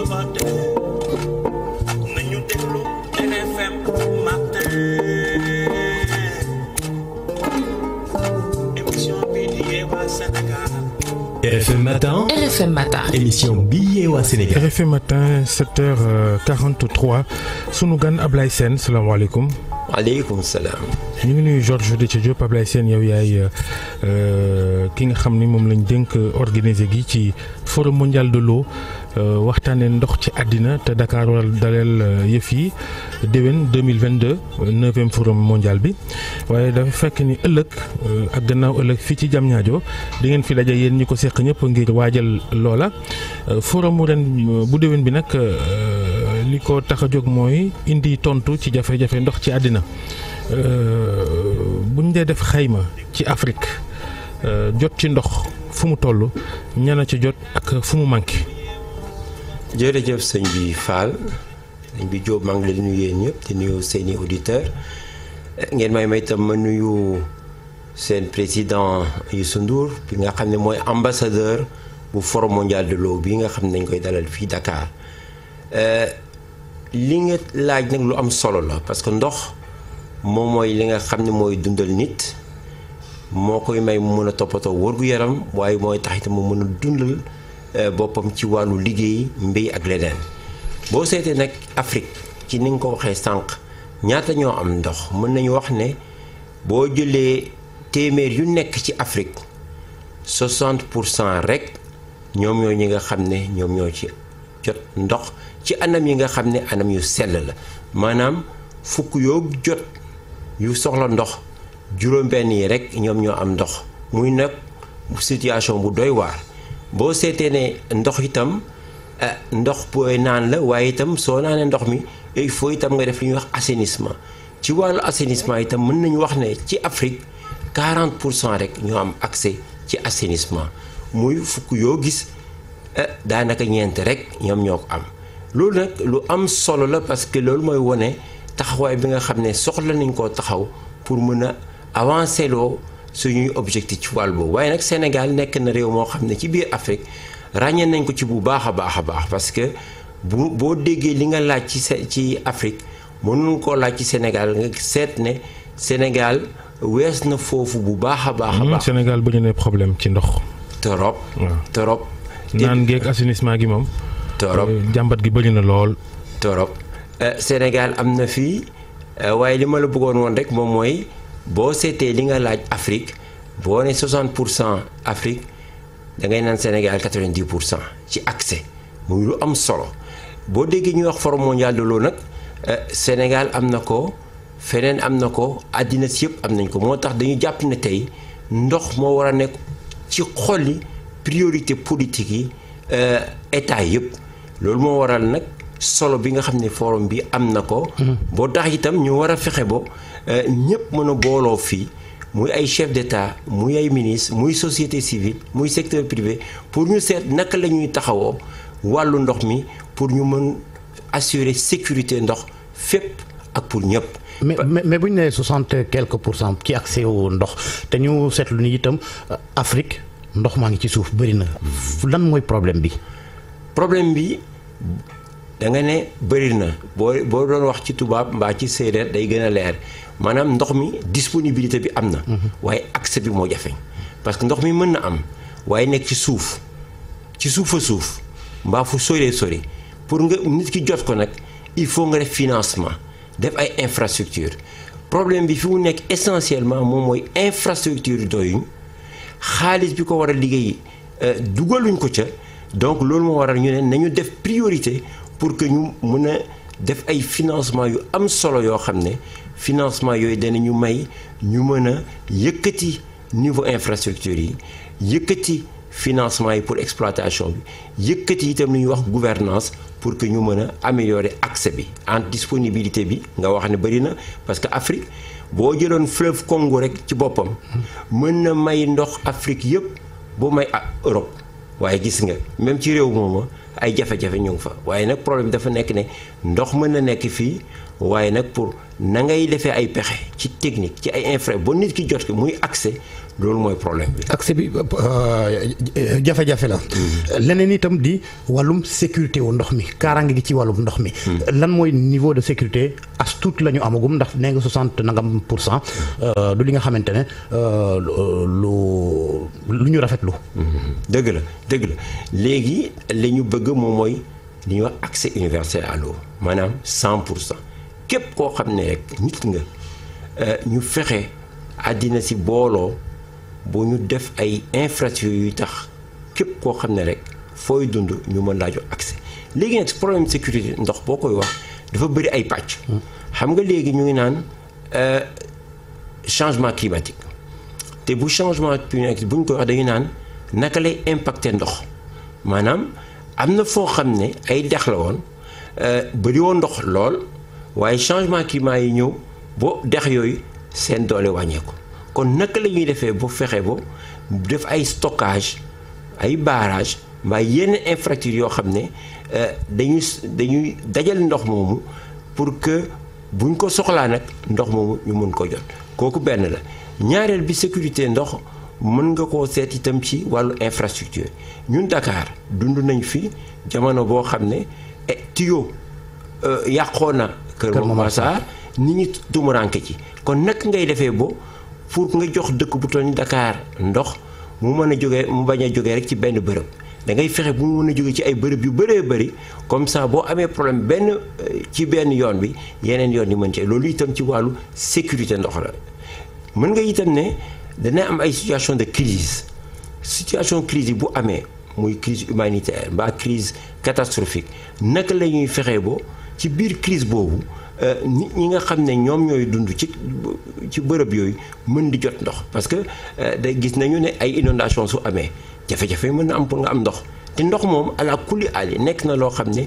suba tey nañu déglu RFM matin émission bi di yee waa Sénégal. Euh, sunu gan Ablaye Sène salaamaaleykum. waaleykum salaam. ñu ngi nuyu Georges Déthié Diop yaay euh, ki nga xam ni moom lañ dénk organiser gi ci forum mondial de l'eau Euh, waxtaanee ndox ci àddina te Dakar waral daleel euh, yëf yi déwén 2022 euh, neuvième forum mondial bi waaye dafa fekk ni ëllëg ak gannaaw ëllëg fii ci Diamniadio di ngeen fi daje yéen ñi ko seq ñëpp ngir waajal loola forum mu ren bu déwén bi nag li ko tax a jóg mooy indi tontu ci jafe-jafe ndox ci àddina buñ dee def xayma ci Afrique jot ci ndox fu mu toll ñana ci jot ak fu mu manqué. jërëjëf sëñ bi Fall dañ bi Diop maa ngi leen nuyu yéen ñëpp di nuyu seeni auditeur ngeen may may itam ma nuyu seen président Youssou Ndour bi nga xam ne mooy ambassadeur bu forum mondial de l'eau bi nga xam ne dañ koy dalal fii Dakar eh, li nga laaj nag lu am solo la parce que ndox moom mooy li nga xam ne mooy dundal nit moo koy may mu mën a toppatoo wërgu yaram waaye mooy tax itam mu mën dundal. Euh, boppam ci wàllu liggéey mbéy ak leneen boo seetee nag Afrique ci ni nga ko waxee sànq ñaata ñoo am ndox mën nañu wax ne boo jëlee téeméer yu nekk ci Afrique 60 pour cent rek ñoom ñoo ñi nga xam ne ñoom ñoo ci jot ndox ci anam yi nga xam ne anam yu sell la maanaam fukk yoo jot yu soxla ndox juróom-benn yi rekk ñoom ñoo am ndox muy nag situation bu doy waar. boo seetee ne ndox itam eh, ndox booy naan la waaye itam soo naanee ndox mi il faut itam nga def li ñuy wax assainissement ci wàllu assainissement itam mën nañu wax ne ci Afrique 40 pour cent rek ñoo am accès ci assainissement muy fukk yoo gis eh, daanaka ñeent rek ñoom ñoo ko am loolu nag lu am solo la parce que loolu mooy wone taxawaay bi nga xam ne soxla nañ koo taxaw pour mën a avancer loo suñuy objectif ci wàll boobu waaye nag Sénégal nekk na réew moo xam ne ci biir Afrique ràññee nañ ko ci bu baax a baax a baax parce que bu boo déggee li nga laaj ci ci Afrique mënuñu koo laaj ci Sénégal nga seet ne Sénégal wees na foofu bu baax a baax a hmm, baax. Sénégal ba ne problème ci ndox. torop torop naan geeg assainissement gi moom. torop eh, jàmbat gi bëri na lool. torop eh, Sénégal am na fii eh, waaye li ma la bëggoon woon rek moom mooy. boo seetee li nga laaj Afrique boo ne 60 pour cent Afrique da ngay naan Sénégal 90 pour cent ci accès muy lu am solo boo déggee ñuy wax forum mondial de l'eau nag euh, Sénégal am na ko feneen am na ko àddina si yëpp am nañ ko moo tax dañu jàpp ne tey ndox moo war a nekk ci xolli priorité politique yi euh, état yëpp loolu moo waral nag solo bi nga xam ne forum bi am na ko. boo tax itam ñu war a fexe bo Euh, ñëpp mën a booloo fii muy ay chef d'état muy ay ministre muy société civile muy secteur privé pour ñu seet naka la ñuy taxawoo wàllu ndox mi pour ñu mën assurer sécurité ndox fépp ak pour ñëpp. mais mais bu ñu nee soixante quelque pour cent ci accès wu ndox te ñu seetlu ni itam euh, Afrique ndox maa ngi ci suuf bëri na lan mooy problème bi. problème bi da nga ne bëri na boo boo doon wax ci tubaab mbaa ci séeréer day gën a leer maanaam ndox mi disponibilité bi am na. Mhm. waaye accès bi moo jafee parce que ndox mi mën na am waaye nekk ci suuf ci suuf a suuf mbaa fu soree sori pour nga nit ki jot ko nag il faut nga def financement def ay infrastructure problème bi fi mu nekk essentiellement moom mooy infrastructure doyuñ xaalis bi ko war a liggéey euh, dugaluñ ko ca donc loolu moo waral ñu ne nañu def priorité pour que ñu mën a def ay financement yu am solo yoo xam ne financement yooyu danañu may ñu mën a yëkkati niveau infrastructure yi yëkkati financement yi pour exploitation bi yëkkati itam li wax gouvernance pour que ñu mën a améliorer accès bi en disponibilité bi nga wax ne bëri na parce que Afrique boo jëloon fleuve Congo rek ci boppam mën na may ndox Afrique yëpp boo may Europe waaye gis nga même ci réew mooma ay jafe-jafe ñu fa waaye nag problème bi dafa nekk ne ndox mën na nekk fii waaye nag pour na ngay defee ay pexe ci technique ci ay infra ba nit ki jot ko muy accès loolu mooy problème bi. accès bi euh, euh, jafe-jafe la. Mm-hmm. leneen itam di wàllum sécurité wu ndox mi kaaraange gi ci wàllum ndox mi. Mm-hmm. lan mooy niveau de sécurité as tuut la ñu amagum ndax nee nga 60 nangam pour cent euh, du li nga xamante ne lu lu ñu rafetlu. Mm-hmm. dëgg la dëgg la léegi li ñu bëgg moom mooy li ñuy wax accès universel à l'eau maanaam 100 pour cent képp koo xam ne rek nit nga ñu fexe àddina si booloo. bu ñu def ay infrastructures yu tax képp koo xam ne rek fooy dund ñu mën laa jox accès léegi nag problème sécurité ndox boo koy wax dafa bëri ay pàcc. xam nga léegi ñu ngi naan euh, changement climatique te bu changement climatique bu ñu koy wax dañuy naan naka lay impacter ndox maanaam am na foo xam ne ay dex la woon euh, bëri woon ndox lool waaye changement climat yi ñëw boo dex yooyu seen doole wàññeeku. kon naka lañuy defee bo fexe ba def ay stockage ay barrage mbaa yenn infrastructure yoo xam ne euh, dañuy dañuy dajal ndox moomu pour que buñ ko soxlaa nag ndox moomu ñu mën ko jot kooku benn la ñaareel bi sécurité ndox mën nga koo seet itam ci wàllu infrastructure ñun Dakar dund nañu fi jamono boo xam ne eh, tuyau euh, yàqoo na Kër Momar Sarr nit ñi tumuranke ci kon nak ngay defee bo pour nga jox dëkk bu toll ni Dakar ndox mu mën a jóge mu bañ a jóge rek ci benn bërëb da ngay fexe bu mu mën a jógee ci ay bërëb yu bëree bëri comme sax boo amee problème benn euh, ci benn yoon bi yeneen yoon yi mën ci loolu itam ci wàllu sécurité ndox la mën nga itam ne dana am ay situation de crise situation crise yi bu amee muy crise humanitaire mbaa crise catastrophique naka la ñuy fexe bo ci biir crise boobu Euh, nit ñi nga xam ne ñoom ñooy dund ci ci bërëb yooyu mën di jot ndox parce que euh, day gis nañu ne ay inondation su amee jafe-jafe mën na am pour nga am ndox te ndox moom ala kulli aali nekk na loo xam ne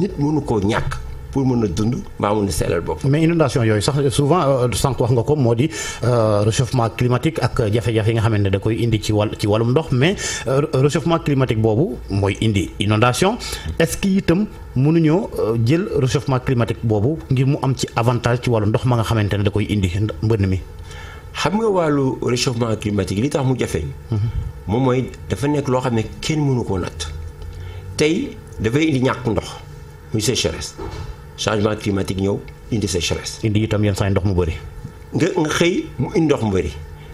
nit mënu koo ñàkk. pour mën na dund mbaa mën a seelal bopp mais inondation yooyu sax souvent euh, sànq wax nga ko moo di euh, réchauffement climatique ak jafe-jafe yi nga xamante ne da koy indi ci wàll ci wàllum ndox mais euh, réchauffement climatique boobu mooy indi inondation est-ce que itam mënuñoo jël réchauffement climatique boobu ngir mu am ci avantage ci wàllu ndox ma nga xamante ne da koy indi mbënn mi xam nga wàllu réchauffement climatique li tax mu jafe mhm. moom mooy dafa nekk loo xam ne kenn mënu koo natt tey dafay indi ñàkk ndox muy changement climatique ñëw indi sécheresse. indi itam yenn saa ndox mu bëri. nga nga xëy mu indi ndox mu bëri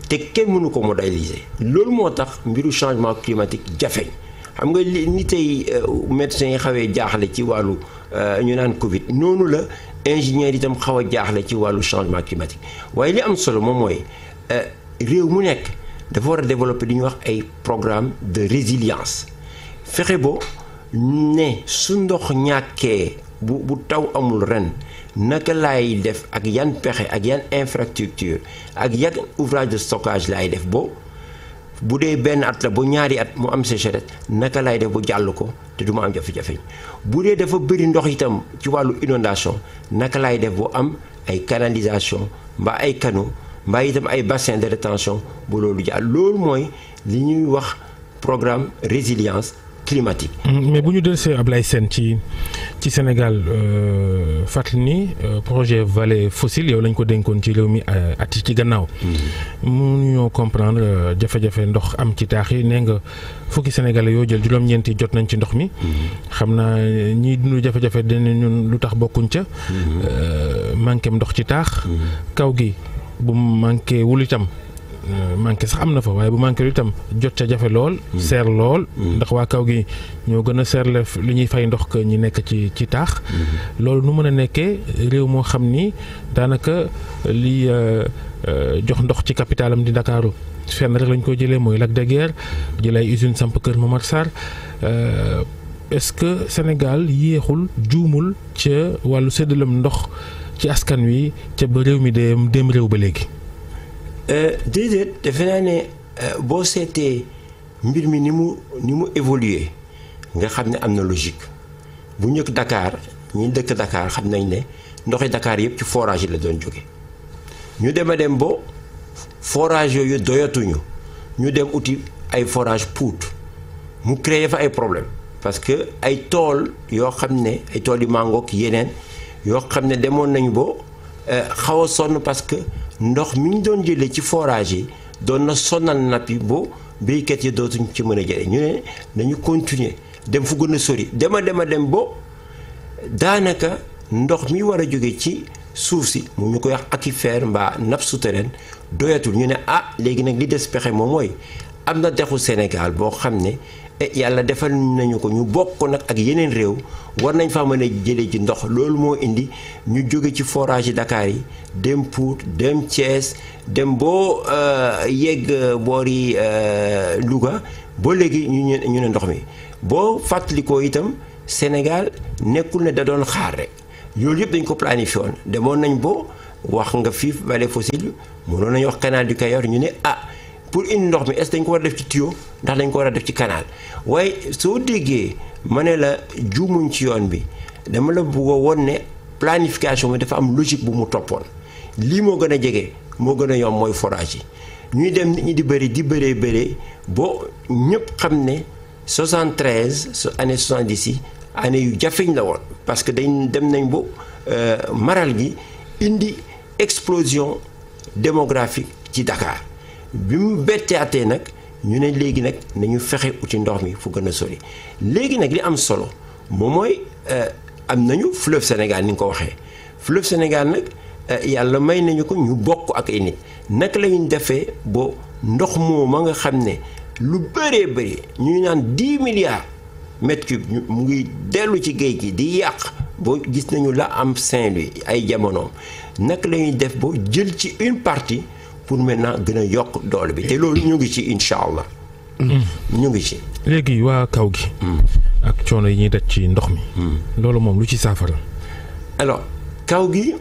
te kenn mënu ko modéliser. loolu moo tax mbiru changement climatique jafeñ xam nga li ni tey euh, médecins yi xawee jaaxle ci wàllu euh, ñu naan Covid noonu la ingénieurs itam xaw a jaaxle ci wàllu changement climatique waaye li am solo moom mooy euh, réew mu nekk dafa war a développer li ñuy wax ay programme de résilience fexe bo ne su ndox ñàkkee bu bu taw amul ren naka lay def ak yan pexe ak yan infrastructure ak yan ouvrage de stockage laay def bo bu dee benn at la bu ñaari at mu am sécheresse naka lay def bu jàll ko te du ma am jafe-jafe bu dee dafa bëri ndox itam ci wàllu inondation naka lay def bu am ay canalisation mba ay canaux mbaa itam ay bassin de rétention bu loolu jàll loolu mooy li ñuy wax programme résilience climatique. Mm, mais bu ñu dellusee Ablaye Sène ci ci Sénégal euh, fàttali ni euh, projet Vallée Fossile yow lañ ko dénkoon ci réew mi euh, at yi ci gannaaw. mu mm-hmm. ñoo comprendre jafe-jafe ndox am ci taax yi nee nga fukki sénégalais yoo jël juróom-ñeenti jot nañ ci ndox mi. Mm-hmm. xam naa ñi dund jafe-jafe dinañ ñun lu tax bokkuñ ca. Mm-hmm. manqué ndox ci taax. kaw gi bu manqué wul itam. Euh, manqué sax am na fa waaye bu manqué lu itam jot ca jafe lool. Mm. seer lool. Mm. ndax waa kaw gi ñoo gën a seer lef li ñuy fay ndox ñu nekk ci ci taax. Mm-hmm. loolu nu mën a nekkee réew moo xam ni daanaka li euh, euh, jox ndox ci capitalam di Ndakaaru fenn rek lañ ko jëlee mooy Lac de Guiers usine samp Kër Momar Sarr est-ce que Sénégal yéexul juumul ca wàllu séddalam ndox ci askan wi ca ba réew mi dem dem réew ba léegi. Euh, déedéet defe naa ne euh, boo seetee mbir mi ni mu ni mu évoluer nga xam ne am na logique bu njëkk dakaar ñu dëkk dakaar xam nañ ne ndoxi dakaar yëpp ci forage yi la doon jóge ñu dem a dem ba forage yooyu doyatuñu ñu dem uti ay forage Pout mu créer fa ay problème parce que ay tool yoo xam ne ay tool yu màngook yeneen yoo xam ne demoon nañu ba euh, xaw a sonn parce que ndox mi ñu doon jëlee ci forage yi doon na sonnal napp yi ba béykat yi dootuñu ci mën a jëlee ñu ne nañu continuer dem fu gën a sori dema dema dem ba daanaka ndox mi war a jóge ci suuf si mu ñu ak i fer mbaa nappe souterraine doyatul ñu ne ah léegi nag li des pexe moom mooy am na defu Sénégal boo xam ne eh, yàlla defal nañu ko ñu bokk nag ak yeneen réew war nañ faa mën a jëlee ci ndox loolu moo indi ñu jóge ci forage yi Dakar yi dem Pout dem Thiès dem boo euh, yegg euh, boori euh, Louga ba léegi ñu ñu ne ndox mi boo fàttalikoo itam Sénégal nekkul ne da doon xaar rek loolu yëpp dañ ko planifié woon demoon nañ boo wax nga fii vallée fossile mënoon nañu wax canal du Cayor ñu ne ah. pour indi ndox mi est-ce dañ ko war a def ci tuyau ndax dañ ko war a def ci canal waaye soo déggee ma ne la juumuñ ci yoon bi dama la bëgg woon ne planification bi dafa am logique bu mu toppoon lii moo gën a jege moo gën a yomb mooy forage yi ñuy dem nit ñi di bëri di bëree bëree boo ñëpp xam ne 73 su année 70 yi année yu jafeñ la woon parce que dañ dem nañ bu euh, maral gi indi explosion démographique ci Dakar bi mu betteatee nag ñu ne léegi nag nañu fexe uti ndox mi fu gën a sori léegi nag li am solo moom mooy euh, am nañu fleuve Sénégal ni nga ko waxee fleuve Sénégal nag euh, yàlla may nañu ko ñu bokk ak ay nit naka la defee ba ndox mooma nga xam ne lu bëree bëri ñu naan 10 milliards mètre cube mu ngi dellu ci géej gi di yàq boo gis nañu la am Saint-Louis ay jamonoom nak lañuy def ba jël ci une partie. pour maintenant gën a yokk doole bi te loolu ñu ngi ci incha allah. Mm. ñu ngi ci. léegi waa kaw gi. Mm. ak coono yi ñuy daj ci ndox mi. Mm. loolu moom lu ci saafara. alors kaw gi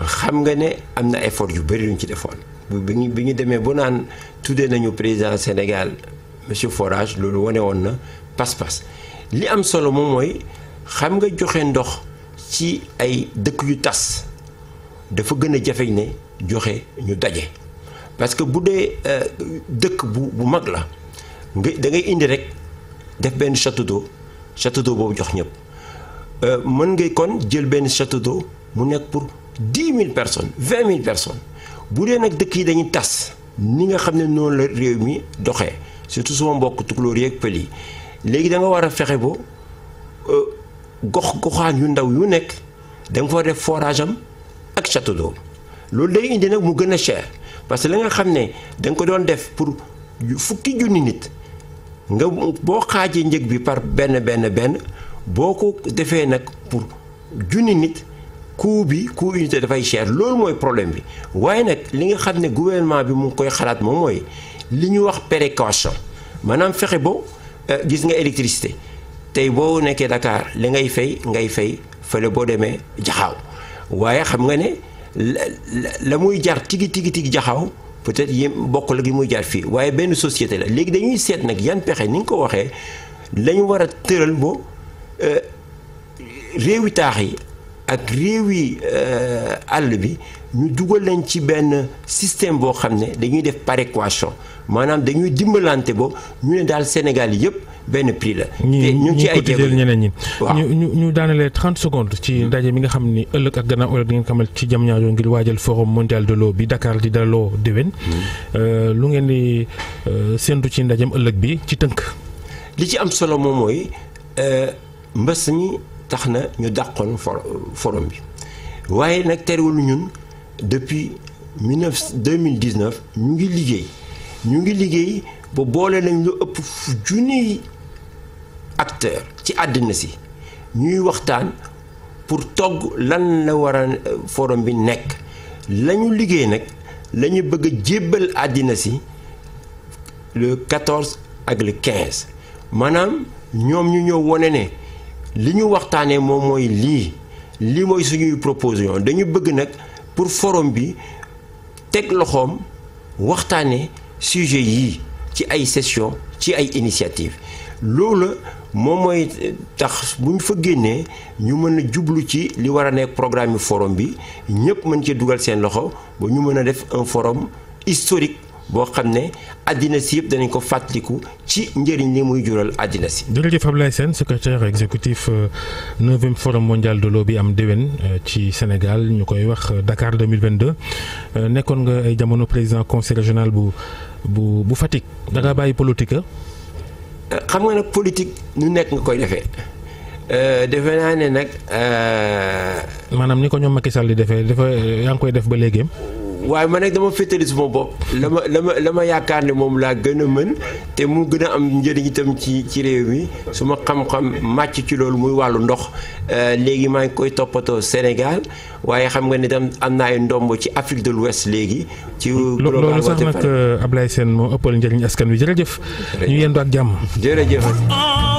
xam nga ne am na effort yu bëri luñ ci defoon bi ñu demee ba naan tuddee nañu président Sénégal monsieur Forage loolu wane woon na pas-pas li am solo moom mooy xam nga joxe ndox ci ay dëkk yu tas. dafa gën a jafeñ ne joxe ñu daje parce que bu dee euh, dëkk bu bu mag la nga da ngay indi rek def benn château d'eau boobu jox ñëpp euh, mën ngay kon jël benn château mu nekk pour dix mille personne vingt mille personnes bu dee nag dëkk yi dañuy tas ni nga xam ne noonu la réew mi doxee surtout suma mbokk tukulóor yi ak pël yi léegi da nga war a fexe ba euh, gox goxaan yu ndaw yu nekk da nga def forage am. ak château d'eau loolu day indi nag mu gën a cher parce que la nga xam ne da nga ko doon def pour fukki junni nit nga boo xaajee njëg bi par benn benn benn boo ko defee nag pour junni nit coût bi coût unité dafay cher loolu mooy problème bi waaye nag li nga xam ne gouvernement bi mu ngi koy xalaat moom mooy li ñu wax péréquation maanaam fexe ba euh, gis nga électricité tey boo nekkee ndakaar li ngay fay ngay fay fële boo demee jaxaw waaye xam nga ne la muy jar tigi tigi tigi jaxaw peut-être yéen bokk la gi muy jar fii waaye benn société la léegi dañuy seet nag yan pexe ni nga ko waxee lañu war a tëral ba euh, réewi taax yi ak réewi euh, àll bi ñu dugal leen ci benn système boo xam ne dañuy def péréquation maanaam dañuy dimbalante ba ñu ne daal Sénégal yépp benn prix la. te ñu ngi ay jéego ñeneen ñu ñu ñu daanalee 30 secondes. ci hmm. ndaje mi nga xam ni ëllëg ak gannaaw ëllëg di ngeen xamal ci jam ñaajo ngir waajal forum mondial de l'eau bi Dakar di daloo déwén. Hmm. Euh, lu ngeen di euh, séntu ci ndajem ëllëg bi ci tënk. li ci am solo moom mooy euh, mbas ñi tax na ñu dàqoon forum bi waaye nag terwul ñun depuis 2019 ñu ngi liggéey ñu ngi liggéey ba boole nañ lu ëpp junniy. acteurs ci àddina si ñuy waxtaan pour togg lan la war a forum bi nekk la ñu liggéey nag la bëgg jébbal àddina si le ak le 15 maanaam ñoom ñu ñëw wone ne li ñu waxtaanee moom mooy lii lii mooy suñuy proposition dañu bëgg nag pour forom bi teg loxoom waxtaane sujet yi ci ay session ci ay initiative loolu moom mooy tax bu ñu fa génnee ñu mën a jublu ci li war a nekk programme yu forum bi ñëpp mën cee dugal seen loxo ba ñu mën a def un forum historique boo xam ne àddina si yëpp danañ ko fàttaliku ci njëriñ li muy jural àddina si. jërëjëf Abdoulaye Sène secrétaire exécutif euh, neuvième forum mondial de l'eau bi am déwén euh, ci Sénégal ñu koy wax euh, Dakar 2022 nekkoon nga ay jamono président conseil régional bu bu bu Fatick da bàyyi politique xam nga nag politique nu nekk nga koy defee euh, defe naa ne nag. Euh, maanaam ni ko ñoom Macky Sall di defee dafa yaa ngi koy def ba léegi. waaye ma nag dama féetali suma la ma la ma la ma yaakaar ni moom laa gën a mën te mu gën a am njëriñ itam ci ci réew mi suma xam-xam màcc ci loolu muy wàllu ndox euh, léegi maa ngi koy toppatoo Sénégal waaye xam nga ni dam am na ay ndomb ci Afrique de l'Ouest léegi. ci global loolu sax nag euh, Ablaye Sène moo ëppal njëriñ askan wi jërëjëf. ñu yendu ak jàmm jërëjëf.